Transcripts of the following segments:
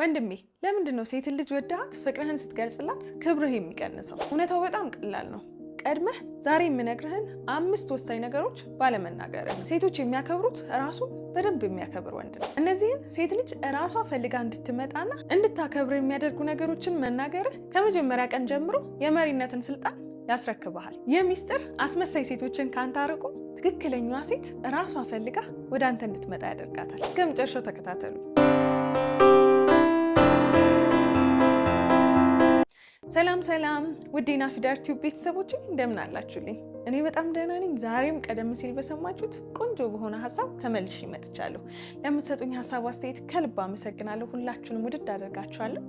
ወንድሜ ለምንድን ነው ሴትን ልጅ ወድሃት ፍቅርህን ስትገልጽላት ክብርህ የሚቀንሰው? እውነታው በጣም ቀላል ነው። ቀድመህ ዛሬ የምነግርህን አምስት ወሳኝ ነገሮች ባለመናገር ሴቶች የሚያከብሩት ራሱ በደንብ የሚያከብር ወንድ ነው። እነዚህን ሴት ልጅ ራሷ ፈልጋ እንድትመጣና እንድታከብር የሚያደርጉ ነገሮችን መናገርህ ከመጀመሪያ ቀን ጀምሮ የመሪነትን ስልጣን ያስረክብሃል። ይህ ሚስጥር አስመሳይ ሴቶችን ካንተ አርቆ ትክክለኛዋ ሴት ራሷ ፈልጋ ወደ አንተ እንድትመጣ ያደርጋታል። እስከ መጨረሻው ተከታተሉ። ሰላም ሰላም ውዴና ናፊዳር ቲዩብ ቤተሰቦች እንደምን አላችሁልኝ? እኔ በጣም ደህና ነኝ። ዛሬም ቀደም ሲል በሰማችሁት ቆንጆ በሆነ ሀሳብ ተመልሼ መጥቻለሁ። ለምትሰጡኝ ሀሳብ፣ አስተያየት ከልብ አመሰግናለሁ። ሁላችሁንም ውድድ አደርጋችኋለሁ።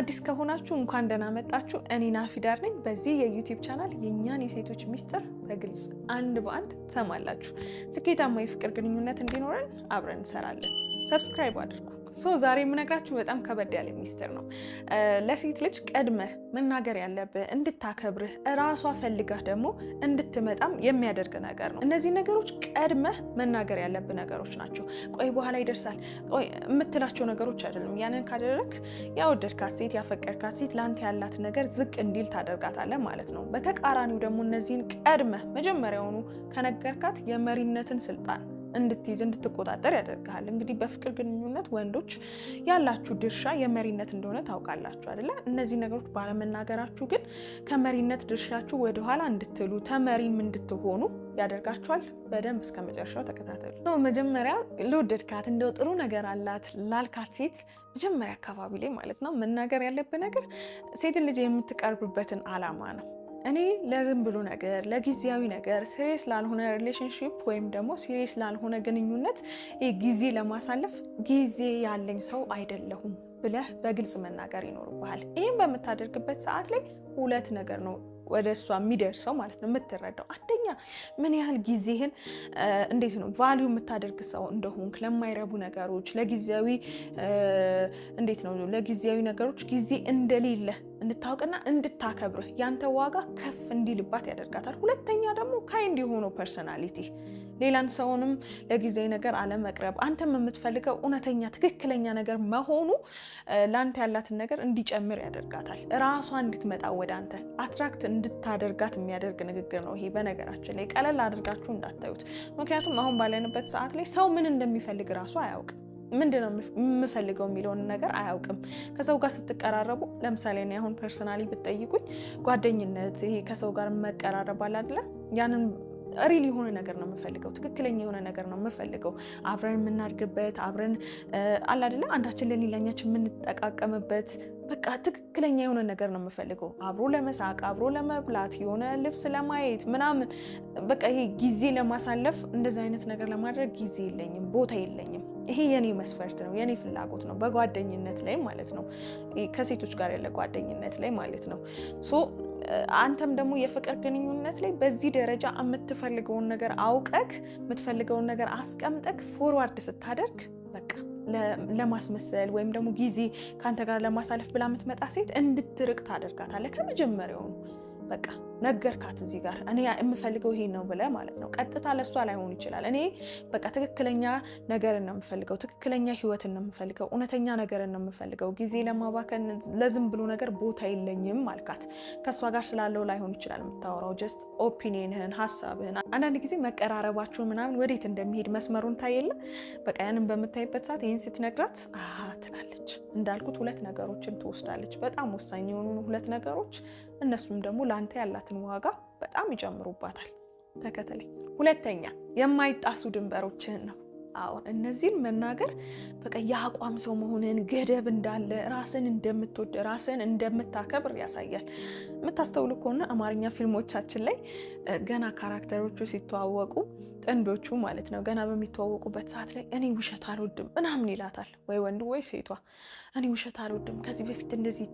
አዲስ ከሆናችሁ እንኳን ደህና መጣችሁ። እኔ ናፊዳር ነኝ። በዚህ የዩቲዩብ ቻናል የእኛን የሴቶች ሚስጥር በግልጽ አንድ በአንድ ትሰማላችሁ። ስኬታማ የፍቅር ግንኙነት እንዲኖረን አብረን እንሰራለን። ሰብስክራይብ አድርጉ። ሶ ዛሬ የምነግራችሁ በጣም ከበድ ያለ ሚስጥር ነው። ለሴት ልጅ ቀድመህ መናገር ያለብህ እንድታከብርህ እራሷ ፈልጋህ ደግሞ እንድትመጣም የሚያደርግ ነገር ነው። እነዚህ ነገሮች ቀድመህ መናገር ያለብህ ነገሮች ናቸው። ቆይ በኋላ ይደርሳል ቆይ የምትላቸው ነገሮች አይደለም። ያንን ካደረግ ያወደድካት ሴት ያፈቀድካት ሴት ለአንተ ያላት ነገር ዝቅ እንዲል ታደርጋታለህ ማለት ነው። በተቃራኒው ደግሞ እነዚህን ቀድመህ መጀመሪያውኑ ከነገርካት የመሪነትን ስልጣን እንድትይዝ እንድትቆጣጠር ያደርግሃል። እንግዲህ በፍቅር ግንኙነት ወንዶች ያላችሁ ድርሻ የመሪነት እንደሆነ ታውቃላችሁ አይደለ? እነዚህ ነገሮች ባለመናገራችሁ ግን ከመሪነት ድርሻችሁ ወደኋላ እንድትሉ ተመሪም እንድትሆኑ ያደርጋችኋል። በደንብ እስከ መጨረሻው ተከታተሉ። መጀመሪያ ለወደድካት እንደው ጥሩ ነገር አላት ላልካት ሴት መጀመሪያ አካባቢ ላይ ማለት ነው መናገር ያለብ ነገር ሴትን ልጅ የምትቀርብበትን አላማ ነው እኔ ለዝም ብሎ ነገር ለጊዜያዊ ነገር ሲሪየስ ላልሆነ ሪሌሽንሽፕ ወይም ደግሞ ሲሪየስ ላልሆነ ግንኙነት ጊዜ ለማሳለፍ ጊዜ ያለኝ ሰው አይደለሁም ብለህ በግልጽ መናገር ይኖርብሃል። ይህም በምታደርግበት ሰዓት ላይ ሁለት ነገር ነው ወደ እሷ የሚደርሰው ማለት ነው። የምትረዳው አንደኛ ምን ያህል ጊዜህን እንዴት ነው ቫሊዩ የምታደርግ ሰው እንደሆንክ፣ ለማይረቡ ነገሮች ለጊዜያዊ እንዴት ነው ለጊዜያዊ ነገሮች ጊዜ እንደሌለ እንድታውቅና እንድታከብርህ ያንተ ዋጋ ከፍ እንዲልባት ያደርጋታል። ሁለተኛ ደግሞ ካይንድ የሆነው ፐርሶናሊቲ ሌላን ሰውንም ለጊዜ ነገር አለመቅረብ፣ አንተም የምትፈልገው እውነተኛ ትክክለኛ ነገር መሆኑ ለአንተ ያላትን ነገር እንዲጨምር ያደርጋታል። ራሷ እንድትመጣ ወደ አንተ አትራክት እንድታደርጋት የሚያደርግ ንግግር ነው ይሄ። በነገራችን ላይ ቀለል አድርጋችሁ እንዳታዩት፣ ምክንያቱም አሁን ባለንበት ሰዓት ላይ ሰው ምን እንደሚፈልግ ራሱ አያውቅም። ምንድን ነው የምፈልገው የሚለውን ነገር አያውቅም። ከሰው ጋር ስትቀራረቡ ለምሳሌ እኔ አሁን ፐርሰናሊ ብትጠይቁኝ ጓደኝነት፣ ይሄ ከሰው ጋር መቀራረብ አለ አይደለ ያንን ሪል የሆነ ነገር ነው የምፈልገው፣ ትክክለኛ የሆነ ነገር ነው የምፈልገው። አብረን የምናድግበት አብረን አለ አይደለ አንዳችን ለሌላኛችን የምንጠቃቀምበት በቃ ትክክለኛ የሆነ ነገር ነው የምፈልገው። አብሮ ለመሳቅ፣ አብሮ ለመብላት፣ የሆነ ልብስ ለማየት ምናምን በቃ ይሄ ጊዜ ለማሳለፍ እንደዚህ አይነት ነገር ለማድረግ ጊዜ የለኝም፣ ቦታ የለኝም። ይሄ የኔ መስፈርት ነው፣ የኔ ፍላጎት ነው። በጓደኝነት ላይ ማለት ነው፣ ከሴቶች ጋር ያለ ጓደኝነት ላይ ማለት ነው። አንተም ደግሞ የፍቅር ግንኙነት ላይ በዚህ ደረጃ የምትፈልገውን ነገር አውቀክ የምትፈልገውን ነገር አስቀምጠክ ፎርዋርድ ስታደርግ በቃ ለማስመሰል ወይም ደግሞ ጊዜ ከአንተ ጋር ለማሳለፍ ብላ የምትመጣ ሴት እንድትርቅ ታደርጋታለህ ከመጀመሪያውኑ በቃ ነገርካት እዚህ ጋር እኔ የምፈልገው ይሄ ነው ብለህ ማለት ነው። ቀጥታ ለእሷ ላይሆን ይችላል። እኔ በቃ ትክክለኛ ነገርን ነው የምፈልገው፣ ትክክለኛ ህይወትን ነው የምፈልገው፣ እውነተኛ ነገርን ነው የምፈልገው። ጊዜ ለማባከን ለዝም ብሎ ነገር ቦታ የለኝም አልካት። ከእሷ ጋር ስላለው ላይሆን ይችላል የምታወራው። ጀስት ኦፒኒየንህን፣ ሀሳብህን አንዳንድ ጊዜ መቀራረባችሁን ምናምን ወዴት እንደሚሄድ መስመሩን ታየለ። በቃ ያንን በምታይበት ሰዓት ይህን ስትነግራት ትላለች። እንዳልኩት ሁለት ነገሮችን ትወስዳለች። በጣም ወሳኝ የሆኑ ሁለት ነገሮች እነሱም ደግሞ ለአንተ ያላትን ዋጋ በጣም ይጨምሩባታል። ተከተለኝ። ሁለተኛ የማይጣሱ ድንበሮችህን ነው። አሁን እነዚህን መናገር በቃ የአቋም ሰው መሆንን ገደብ እንዳለ ራስን እንደምትወድ ራስን እንደምታከብር ያሳያል። የምታስተውሉ ከሆነ አማርኛ ፊልሞቻችን ላይ ገና ካራክተሮቹ ሲተዋወቁ ጥንዶቹ ማለት ነው ገና በሚተዋወቁበት ሰዓት ላይ እኔ ውሸት አልወድም ምናምን ይላታል፣ ወይ ወንዱ ወይ ሴቷ። እኔ ውሸት አልወድም ከዚህ በፊት እንደዚህ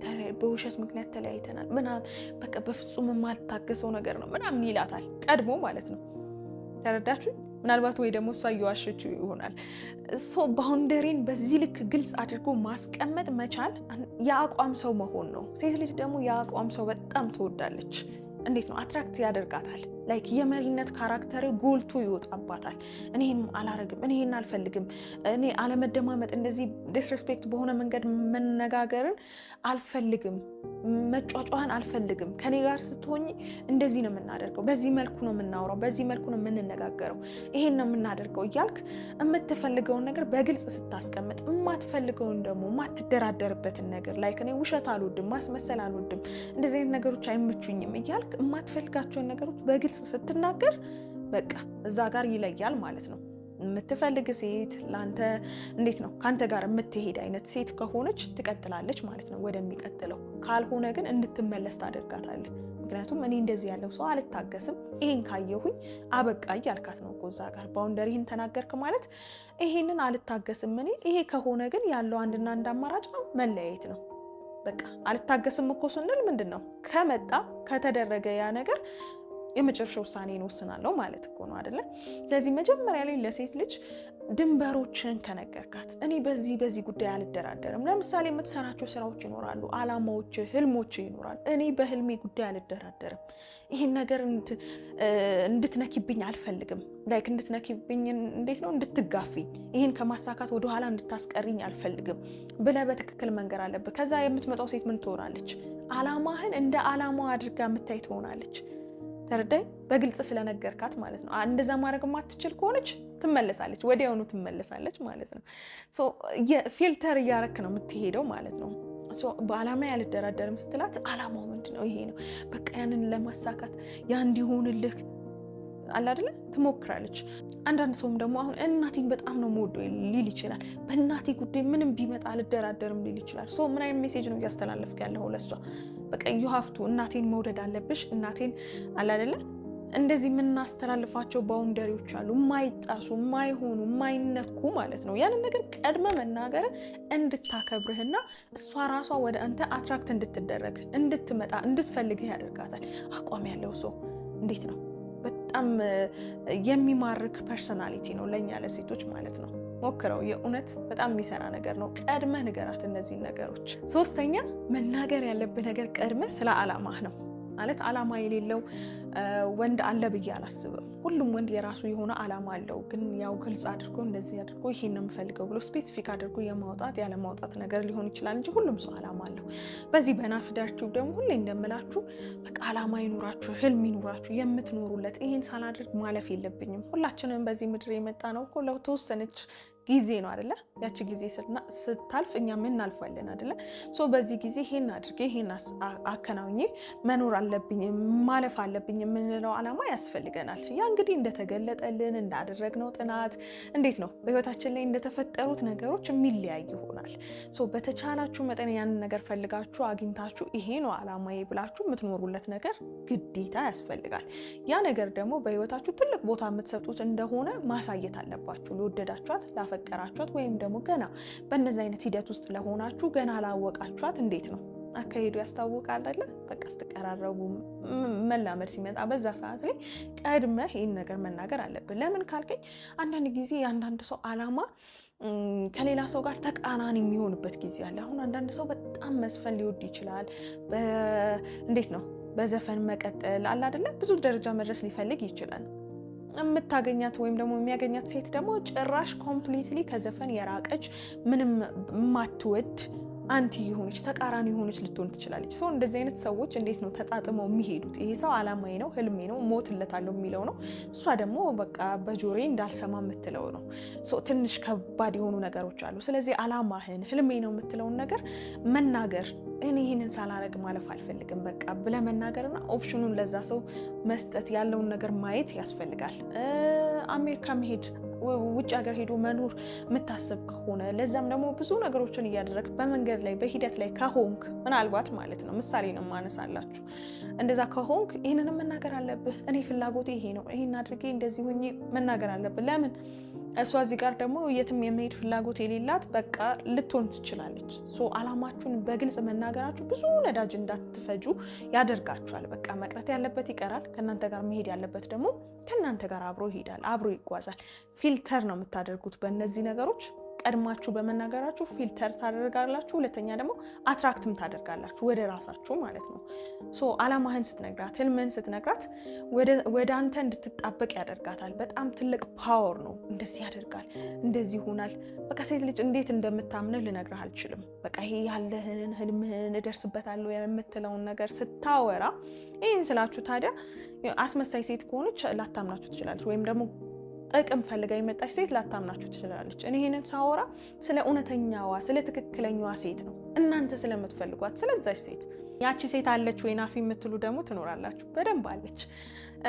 በውሸት ምክንያት ተለያይተናል ምናምን በቃ በፍጹም የማልታገሰው ነገር ነው ምናምን ይላታል፣ ቀድሞ ማለት ነው ተረዳችሁ? ምናልባት ወይ ደግሞ እሷ እየዋሸች ይሆናል። ሶ ባውንደሪን በዚህ ልክ ግልጽ አድርጎ ማስቀመጥ መቻል የአቋም ሰው መሆን ነው። ሴት ልጅ ደግሞ የአቋም ሰው በጣም ትወዳለች። እንዴት ነው አትራክት ያደርጋታል። ላይክ የመሪነት ካራክተር ጎልቶ ይወጣባታል። እኔም አላረግም፣ እኔን አልፈልግም፣ እኔ አለመደማመጥ፣ እንደዚህ ዲስሬስፔክት በሆነ መንገድ መነጋገርን አልፈልግም፣ መጫጫህን አልፈልግም። ከኔ ጋር ስትሆኝ እንደዚህ ነው የምናደርገው፣ በዚህ መልኩ ነው የምናወራው በዚህ መልኩ ነው የምንነጋገረው፣ ይሄን ነው የምናደርገው እያልክ የምትፈልገውን ነገር በግልጽ ስታስቀምጥ፣ የማትፈልገውን ደግሞ የማትደራደርበትን ነገር ላይክ እኔ ውሸት አልወድም፣ ማስመሰል አልወድም፣ እንደዚህ አይነት ነገሮች አይመቹኝም እያልክ የማትፈልጋቸውን ነገሮች በግልጽ ስትናገር በቃ እዛ ጋር ይለያል ማለት ነው። የምትፈልግ ሴት ለአንተ እንዴት ነው ከአንተ ጋር የምትሄድ አይነት ሴት ከሆነች ትቀጥላለች ማለት ነው ወደሚቀጥለው። ካልሆነ ግን እንድትመለስ ታደርጋታለህ። ምክንያቱም እኔ እንደዚህ ያለው ሰው አልታገስም፣ ይሄን ካየሁኝ አበቃ እያልካት ነው እዛ ጋር ባውንደሪህን ተናገርክ ማለት ይሄንን አልታገስም እኔ። ይሄ ከሆነ ግን ያለው አንድና አንድ አማራጭ ነው መለያየት ነው። በቃ አልታገስም እኮ ስንል ምንድን ነው ከመጣ ከተደረገ ያ ነገር የመጨረሻ ውሳኔን ወስናለሁ ማለት እኮ ነው አደለ? ስለዚህ መጀመሪያ ላይ ለሴት ልጅ ድንበሮችን ከነገርካት፣ እኔ በዚህ በዚህ ጉዳይ አልደራደርም። ለምሳሌ የምትሰራቸው ስራዎች ይኖራሉ፣ አላማዎች፣ ህልሞች ይኖራሉ። እኔ በህልሜ ጉዳይ አልደራደርም። ይህን ነገር እንድትነኪብኝ አልፈልግም። ላይክ እንድትነኪብኝ፣ እንዴት ነው እንድትጋፊኝ፣ ይህን ከማሳካት ወደኋላ እንድታስቀሪኝ አልፈልግም ብለህ በትክክል መንገር አለብህ። ከዛ የምትመጣው ሴት ምን ትሆናለች? አላማህን እንደ አላማ አድርጋ የምታይ ትሆናለች። ተረዳኝ። በግልጽ ስለነገርካት ማለት ነው። እንደዛ ማድረግ ማትችል ከሆነች ትመለሳለች፣ ወዲያውኑ ትመለሳለች ማለት ነው። ፊልተር እያረክ ነው የምትሄደው ማለት ነው። በዓላማ ያልደራደርም ስትላት ዓላማው ምንድን ነው? ይሄ ነው በቃ ያንን ለማሳካት ያ እንዲሆንልህ አለ አይደለ ትሞክራለች። አንዳንድ ሰውም ደግሞ አሁን እናቴን በጣም ነው የምወደው ሊል ይችላል። በእናቴ ጉዳይ ምንም ቢመጣ አልደራደርም ሊል ይችላል። ሶ ምን አይነት ሜሴጅ ነው እያስተላለፍክ ያለው ለእሷ? በቃ ዩ ሀፍቱ እናቴን መውደድ አለብሽ። እናቴን አለ አይደለ እንደዚህ የምናስተላልፋቸው ባውንደሪዎች አሉ፣ የማይጣሱ የማይሆኑ የማይነኩ ማለት ነው። ያንን ነገር ቀድመ መናገር እንድታከብርህና እሷ ራሷ ወደ አንተ አትራክት እንድትደረግ እንድትመጣ እንድትፈልግህ ያደርጋታል። አቋም ያለው ሰው እንዴት ነው? በጣም የሚማርክ ፐርሰናሊቲ ነው ለእኛ ለሴቶች ማለት ነው። ሞክረው፣ የእውነት በጣም የሚሰራ ነገር ነው። ቀድመህ ንገራት እነዚህን ነገሮች። ሶስተኛ መናገር ያለብህ ነገር ቀድመህ ስለ አላማህ ነው። ማለት አላማ የሌለው ወንድ አለ ብዬ አላስብም። ሁሉም ወንድ የራሱ የሆነ አላማ አለው። ግን ያው ግልጽ አድርጎ እንደዚህ አድርጎ ይሄን ነው የምፈልገው ብሎ ስፔሲፊክ አድርጎ የማውጣት ያለማውጣት ነገር ሊሆን ይችላል እንጂ ሁሉም ሰው አላማ አለው። በዚህ በናፍዳችሁ ደግሞ ሁሌ እንደምላችሁ በቃ አላማ ይኑራችሁ፣ ህልም ይኑራችሁ፣ የምትኖሩለት ይህን ሳላደርግ ማለፍ የለብኝም። ሁላችንም በዚህ ምድር የመጣ ነው እኮ ለተወሰነች ጊዜ ነው አይደለ? ያቺ ጊዜ ስታልፍ እኛ ምን እናልፋለን አይደለ? ሶ በዚህ ጊዜ ይሄን አድርጌ ይሄን አከናውኜ መኖር አለብኝ ማለፍ አለብኝ የምንለው ዓላማ ያስፈልገናል። ያ እንግዲህ እንደተገለጠልን እንዳደረግነው ጥናት እንዴት ነው በህይወታችን ላይ እንደተፈጠሩት ነገሮች የሚለያይ ይሆናል። ሶ በተቻላችሁ መጠን ያንን ነገር ፈልጋችሁ አግኝታችሁ ይሄ ነው ዓላማዬ ብላችሁ የምትኖሩለት ነገር ግዴታ ያስፈልጋል። ያ ነገር ደግሞ በህይወታችሁ ትልቅ ቦታ የምትሰጡት እንደሆነ ማሳየት አለባችሁ። ለወደዳችኋት ላፈ ላልፈቀራችኋት ወይም ደግሞ ገና በእነዚህ አይነት ሂደት ውስጥ ለሆናችሁ ገና ላወቃችኋት እንዴት ነው አካሄዱ ያስታውቃል አይደለ? በቃ ስትቀራረቡ መላመድ ሲመጣ በዛ ሰዓት ላይ ቀድመህ ይህን ነገር መናገር አለብን። ለምን ካልከኝ አንዳንድ ጊዜ የአንዳንድ ሰው አላማ ከሌላ ሰው ጋር ተቃራኒ የሚሆንበት ጊዜ አለ። አሁን አንዳንድ ሰው በጣም መዝፈን ሊወድ ይችላል። እንዴት ነው በዘፈን መቀጠል አለ አይደለ? ብዙ ደረጃ መድረስ ሊፈልግ ይችላል። የምታገኛት ወይም ደግሞ የሚያገኛት ሴት ደግሞ ጭራሽ ኮምፕሊትሊ ከዘፈን የራቀች ምንም ማትወድ አንቲ የሆነች ተቃራኒ የሆነች ልትሆን ትችላለች። ሰው እንደዚህ አይነት ሰዎች እንዴት ነው ተጣጥመው የሚሄዱት? ይሄ ሰው አላማዬ ነው፣ ህልሜ ነው፣ ሞትለታለሁ የሚለው ነው። እሷ ደግሞ በቃ በጆሬ እንዳልሰማ የምትለው ነው። ትንሽ ከባድ የሆኑ ነገሮች አሉ። ስለዚህ አላማህን ህልሜ ነው የምትለውን ነገር መናገር እኔ ይህንን ሳላረግ ማለፍ አልፈልግም በቃ ብለህ መናገርና ኦፕሽኑን ለዛ ሰው መስጠት ያለውን ነገር ማየት ያስፈልጋል። አሜሪካ መሄድ ውጭ ሀገር ሄዶ መኖር የምታስብ ከሆነ ለዛም ደግሞ ብዙ ነገሮችን እያደረግ በመንገድ ላይ በሂደት ላይ ከሆንክ ምናልባት ማለት ነው ምሳሌ ነው ማነሳላችሁ። እንደዛ ከሆንክ ይህንንም መናገር አለብህ። እኔ ፍላጎቴ ይሄ ነው፣ ይሄ አድርጌ እንደዚህ ሆኜ መናገር አለብህ። ለምን እሷ እዚህ ጋር ደግሞ የትም የመሄድ ፍላጎት የሌላት በቃ ልትሆን ትችላለች። አላማችሁን በግልጽ መናገራችሁ ብዙ ነዳጅ እንዳትፈጁ ያደርጋችኋል። በቃ መቅረት ያለበት ይቀራል፣ ከእናንተ ጋር መሄድ ያለበት ደግሞ ከእናንተ ጋር አብሮ ይሄዳል፣ አብሮ ይጓዛል። ፊልተር ነው የምታደርጉት በእነዚህ ነገሮች ቀድማችሁ በመናገራችሁ ፊልተር ታደርጋላችሁ። ሁለተኛ ደግሞ አትራክትም ታደርጋላችሁ ወደ ራሳችሁ ማለት ነው። ሶ አላማህን ስትነግራት፣ ህልምህን ስትነግራት ወደ አንተ እንድትጣበቅ ያደርጋታል። በጣም ትልቅ ፓወር ነው። እንደዚህ ያደርጋል፣ እንደዚህ ይሆናል። በቃ ሴት ልጅ እንዴት እንደምታምንህ ልነግርህ አልችልም። በቃ ይሄ ያለህን ህልምህን እደርስበታለሁ የምትለውን ነገር ስታወራ፣ ይህን ስላችሁ ታዲያ አስመሳይ ሴት ከሆነች ላታምናችሁ ትችላለች ወይም ደግሞ ጥቅም ፈልጋ የመጣች ሴት ላታምናችሁ ትችላለች። እኔ ሳወራ ስለ እውነተኛዋ ስለ ትክክለኛዋ ሴት ነው፣ እናንተ ስለምትፈልጓት ስለዛች ሴት። ያቺ ሴት አለች ወይ ናፊ የምትሉ ደግሞ ትኖራላችሁ። በደንብ አለች።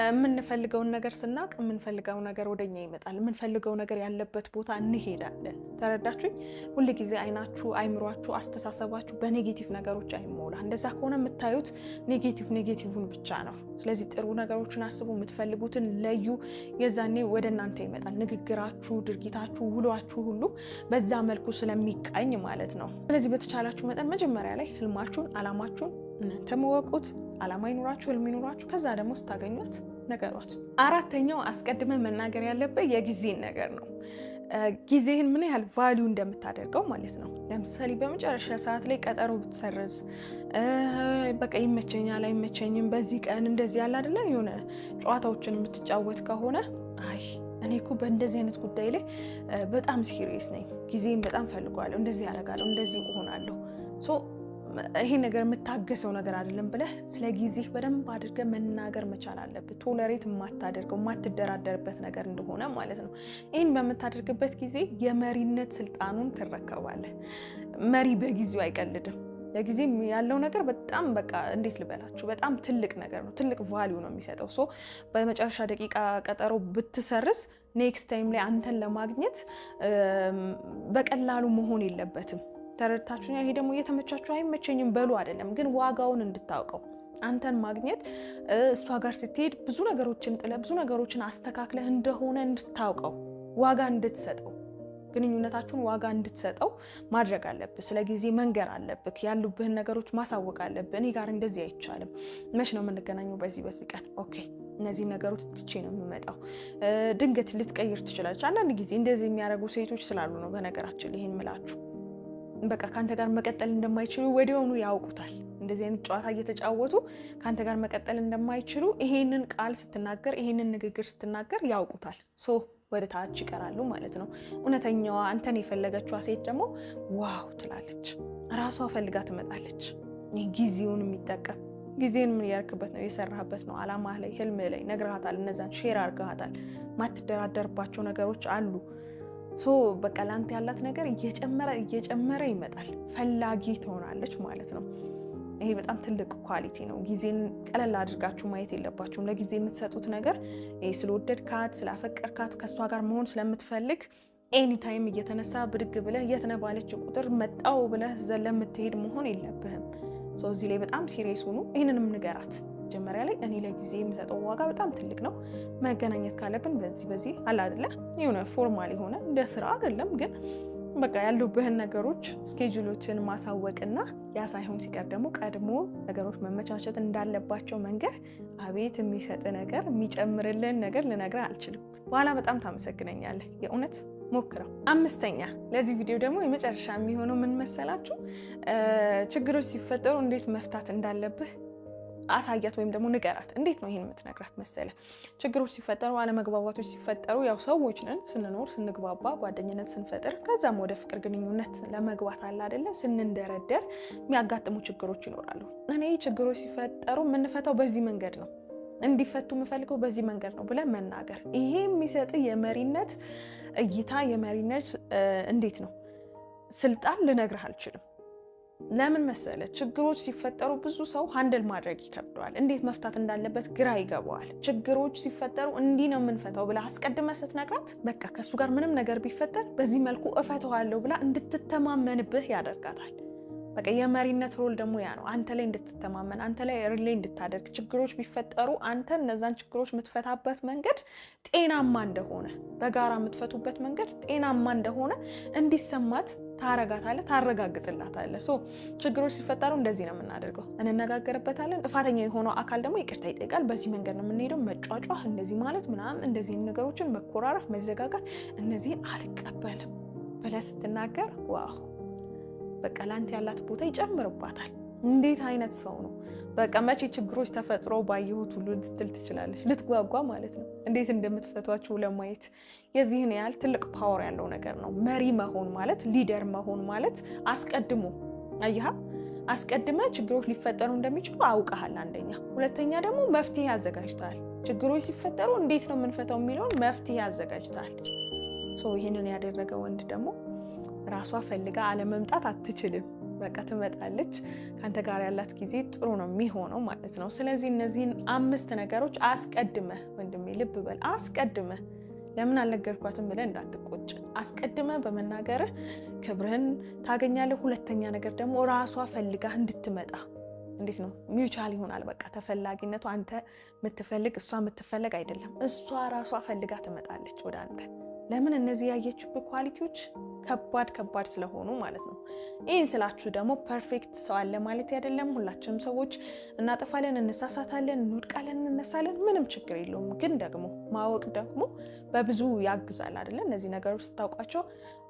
የምንፈልገውን ነገር ስናውቅ የምንፈልገው ነገር ወደኛ ይመጣል። የምንፈልገው ነገር ያለበት ቦታ እንሄዳለን። ተረዳችሁኝ? ጊዜ አይናችሁ፣ አይምሯችሁ፣ አስተሳሰባችሁ በኔጌቲቭ ነገሮች አይሞላ። እንደዛ ከሆነ የምታዩት ኔጌቲቭ ኔጌቲቭን ብቻ ነው። ስለዚህ ጥሩ ነገሮችን አስቡ፣ የምትፈልጉትን ለዩ። የዛኔ ወደ እናንተ ይመጣል። ንግግራችሁ፣ ድርጊታችሁ፣ ውሏችሁ ሁሉ በዛ መልኩ ስለሚቃኝ ማለት ነው። ስለዚህ በተቻላችሁ መጠን መጀመሪያ ላይ ህልማችሁን፣ አላማችሁን እናንተ መወቁት። አላማ ይኑራችሁ፣ ህልም ይኑራችሁ። ከዛ ደግሞ ስታገኟት ነገሯት። አራተኛው አስቀድመ መናገር ያለብህ የጊዜን ነገር ነው። ጊዜህን ምን ያህል ቫሊዩ እንደምታደርገው ማለት ነው። ለምሳሌ በመጨረሻ ሰዓት ላይ ቀጠሮ ብትሰርዝ፣ በቃ ይመቸኛል አይመቸኝም፣ በዚህ ቀን እንደዚህ ያለ አይደለ የሆነ ጨዋታዎችን የምትጫወት ከሆነ አይ እኔ እኮ በእንደዚህ አይነት ጉዳይ ላይ በጣም ሲሪየስ ነኝ፣ ጊዜን በጣም ፈልጓለሁ፣ እንደዚህ ያደርጋለሁ፣ እንደዚህ እሆናለሁ ይሄ ነገር የምታገሰው ነገር አይደለም ብለህ ስለ ጊዜህ በደንብ አድርገህ መናገር መቻል አለብህ። ቶለሬት የማታደርገው የማትደራደርበት ነገር እንደሆነ ማለት ነው። ይህን በምታደርግበት ጊዜ የመሪነት ስልጣኑን ትረከባለህ። መሪ በጊዜው አይቀልድም። ለጊዜ ያለው ነገር በጣም በቃ እንዴት ልበላችሁ፣ በጣም ትልቅ ነገር ነው። ትልቅ ቫሊዩ ነው የሚሰጠው። ሶ በመጨረሻ ደቂቃ ቀጠሮ ብትሰርስ ኔክስት ታይም ላይ አንተን ለማግኘት በቀላሉ መሆን የለበትም። ተረድታችሁኛል። ይሄ ደግሞ እየተመቻችሁ አይመቸኝም በሉ አይደለም፣ ግን ዋጋውን እንድታውቀው አንተን ማግኘት እሷ ጋር ስትሄድ ብዙ ነገሮችን ጥለ ብዙ ነገሮችን አስተካክለህ እንደሆነ እንድታውቀው ዋጋ እንድትሰጠው ግንኙነታችሁን ዋጋ እንድትሰጠው ማድረግ አለብህ። ስለ ጊዜ መንገር አለብህ። ያሉብህን ነገሮች ማሳወቅ አለብህ። እኔ ጋር እንደዚህ አይቻልም። መች ነው የምንገናኘው? በዚህ በዚህ ቀን ኦኬ፣ እነዚህ ነገሮች ትቼ ነው የምመጣው። ድንገት ልትቀይር ትችላለች። አንዳንድ ጊዜ እንደዚህ የሚያደርጉ ሴቶች ስላሉ ነው። በነገራችን ይህን ምላችሁ በቃ ከአንተ ጋር መቀጠል እንደማይችሉ ወዲያውኑ ያውቁታል። እንደዚህ አይነት ጨዋታ እየተጫወቱ ከአንተ ጋር መቀጠል እንደማይችሉ ይሄንን ቃል ስትናገር፣ ይሄንን ንግግር ስትናገር ያውቁታል። ሶ ወደ ታች ይቀራሉ ማለት ነው። እውነተኛዋ አንተን የፈለገችዋ ሴት ደግሞ ዋው ትላለች። ራሷ ፈልጋ ትመጣለች። ጊዜውን የሚጠቀም ጊዜን ምን እያርክበት ነው? የሰራህበት ነው። አላማ ላይ ህልም ላይ ነግርሃታል። እነዛን ሼር አርገሃታል። ማትደራደርባቸው ነገሮች አሉ ሶ በቃ ለአንተ ያላት ነገር እየጨመረ እየጨመረ ይመጣል። ፈላጊ ትሆናለች ማለት ነው። ይሄ በጣም ትልቅ ኳሊቲ ነው። ጊዜን ቀለል አድርጋችሁ ማየት የለባችሁም። ለጊዜ የምትሰጡት ነገር ስለወደድካት፣ ስላፈቀርካት ከእሷ ጋር መሆን ስለምትፈልግ ኤኒታይም እየተነሳ ብድግ ብለህ የት ቁጥር መጣው ብለህ ዘለ የምትሄድ መሆን የለብህም። እዚህ ላይ በጣም ሲሪየስ ሁኑ። ይህንንም ንገራት። መጀመሪያ ላይ እኔ ለጊዜ የምሰጠው ዋጋ በጣም ትልቅ ነው። መገናኘት ካለብን በዚህ በዚህ አለ አይደለ የሆነ ፎርማል የሆነ እንደ ስራ አይደለም ግን በቃ ያሉብህን ነገሮች ስኬጁሎችን ማሳወቅና ያ ሳይሆን ሲቀር ደግሞ ቀድሞ ነገሮች መመቻቸት እንዳለባቸው መንገር አቤት የሚሰጥ ነገር የሚጨምርልን ነገር ልነግር አልችልም። በኋላ በጣም ታመሰግነኛለህ። የእውነት ሞክረው። አምስተኛ ለዚህ ቪዲዮ ደግሞ የመጨረሻ የሚሆነው ምን መሰላችሁ? ችግሮች ሲፈጠሩ እንዴት መፍታት እንዳለብህ አሳያት ወይም ደግሞ ንገራት። እንዴት ነው ይህን የምትነግራት መሰለ? ችግሮች ሲፈጠሩ፣ አለመግባባቶች ሲፈጠሩ ያው ሰዎች ነን ስንኖር ስንግባባ፣ ጓደኝነት ስንፈጥር ከዛም ወደ ፍቅር ግንኙነት ለመግባት አለ አይደለ ስንንደረደር የሚያጋጥሙ ችግሮች ይኖራሉ። እኔ ችግሮች ሲፈጠሩ የምንፈታው በዚህ መንገድ ነው እንዲፈቱ የምፈልገው በዚህ መንገድ ነው ብለን መናገር። ይሄ የሚሰጥ የመሪነት እይታ የመሪነት እንዴት ነው ስልጣን ልነግርህ አልችልም ለምን መሰለ ችግሮች ሲፈጠሩ ብዙ ሰው ሀንድል ማድረግ ይከብደዋል። እንዴት መፍታት እንዳለበት ግራ ይገባዋል። ችግሮች ሲፈጠሩ እንዲህ ነው የምንፈታው ብላ አስቀድመ ስትነግራት በቃ ከእሱ ጋር ምንም ነገር ቢፈጠር በዚህ መልኩ እፈተዋለሁ ብላ እንድትተማመንብህ ያደርጋታል። በቃ የመሪነት ሮል ደግሞ ያ ነው። አንተ ላይ እንድትተማመን፣ አንተ ላይ ሪሌ እንድታደርግ፣ ችግሮች ቢፈጠሩ አንተ እነዛን ችግሮች የምትፈታበት መንገድ ጤናማ እንደሆነ፣ በጋራ የምትፈቱበት መንገድ ጤናማ እንደሆነ እንዲሰማት ታረጋታለህ፣ ታረጋግጥላታለህ። ሶ ችግሮች ሲፈጠሩ እንደዚህ ነው የምናደርገው፣ እንነጋገርበታለን። ጥፋተኛ የሆነው አካል ደግሞ ይቅርታ ይጠይቃል። በዚህ መንገድ ነው የምንሄደው። መጫጫህ፣ እንደዚህ ማለት ምናምን፣ እንደዚህ ነገሮችን መኮራረፍ፣ መዘጋጋት፣ እነዚህን አልቀበልም ብለህ ስትናገር ዋው በቃ ያላት ቦታ ይጨምርባታል። እንዴት አይነት ሰው ነው! በቃ መቼ ችግሮች ተፈጥሮ ባየሁት ሁሉ ልትል ትችላለች፣ ልትጓጓ ማለት ነው። እንዴት እንደምትፈቷቸው ለማየት የዚህን ያህል ትልቅ ፓወር ያለው ነገር ነው። መሪ መሆን ማለት ሊደር መሆን ማለት አስቀድሞ አየሃ አስቀድመ ችግሮች ሊፈጠሩ እንደሚችሉ አውቀሃል፣ አንደኛ። ሁለተኛ ደግሞ መፍትሄ አዘጋጅተሃል። ችግሮች ሲፈጠሩ እንዴት ነው የምንፈታው የሚለውን መፍትሄ አዘጋጅተሃል። ይህንን ያደረገ ወንድ ደግሞ ራሷ ፈልጋ አለመምጣት አትችልም። በቃ ትመጣለች። ከአንተ ጋር ያላት ጊዜ ጥሩ ነው የሚሆነው ማለት ነው። ስለዚህ እነዚህን አምስት ነገሮች አስቀድመ ወንድሜ ልብ በል አስቀድመ ለምን አልነገርኳትም ብለህ እንዳትቆጭ። አስቀድመ በመናገርህ ክብርህን ታገኛለህ። ሁለተኛ ነገር ደግሞ ራሷ ፈልጋ እንድትመጣ እንዴት ነው ሚውቻል ይሆናል። በቃ ተፈላጊነቱ አንተ የምትፈልግ እሷ የምትፈለግ አይደለም፣ እሷ ራሷ ፈልጋ ትመጣለች ወደ አንተ። ለምን እነዚህ ያየችብህ ኳሊቲዎች ከባድ ከባድ ስለሆኑ ማለት ነው። ይህን ስላችሁ ደግሞ ፐርፌክት ሰው አለ ማለት አይደለም። ሁላችንም ሰዎች እናጠፋለን፣ እንሳሳታለን፣ እንወድቃለን፣ እንነሳለን። ምንም ችግር የለውም። ግን ደግሞ ማወቅ ደግሞ በብዙ ያግዛል አይደለ? እነዚህ ነገሮች ስታውቋቸው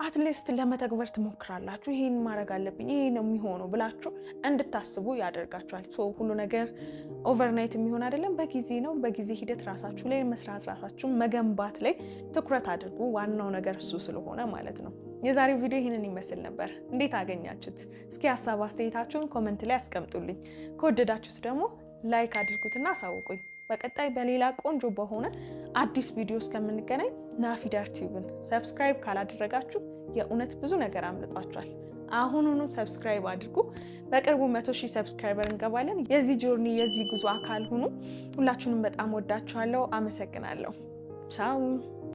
አትሊስት ለመተግበር ትሞክራላችሁ። ይህን ማድረግ አለብኝ፣ ይህ ነው የሚሆነው ብላችሁ እንድታስቡ ያደርጋችኋል። ሁሉ ነገር ኦቨርናይት የሚሆን አይደለም። በጊዜ ነው። በጊዜ ሂደት ራሳችሁ ላይ መስራት ራሳችሁ መገንባት ላይ ትኩረት አድርጉ። ዋናው ነገር እሱ ስለሆነ ማለት ነው። የዛሬው ቪዲዮ ይህንን ይመስል ነበር። እንዴት አገኛችሁት? እስኪ ሀሳብ አስተያየታችሁን ኮመንት ላይ አስቀምጡልኝ። ከወደዳችሁት ደግሞ ላይክ አድርጉትና አሳውቁኝ። በቀጣይ በሌላ ቆንጆ በሆነ አዲስ ቪዲዮ እስከምንገናኝ ናፊዳር ቲዩብን ሰብስክራይብ ካላደረጋችሁ የእውነት ብዙ ነገር አምልጧችኋል። አሁኑኑ ሰብስክራይብ አድርጉ። በቅርቡ መቶ ሺህ ሰብስክራይበር እንገባለን። የዚህ ጆርኒ የዚህ ጉዞ አካል ሁኑ። ሁላችሁንም በጣም ወዳችኋለሁ። አመሰግናለሁ። ቻው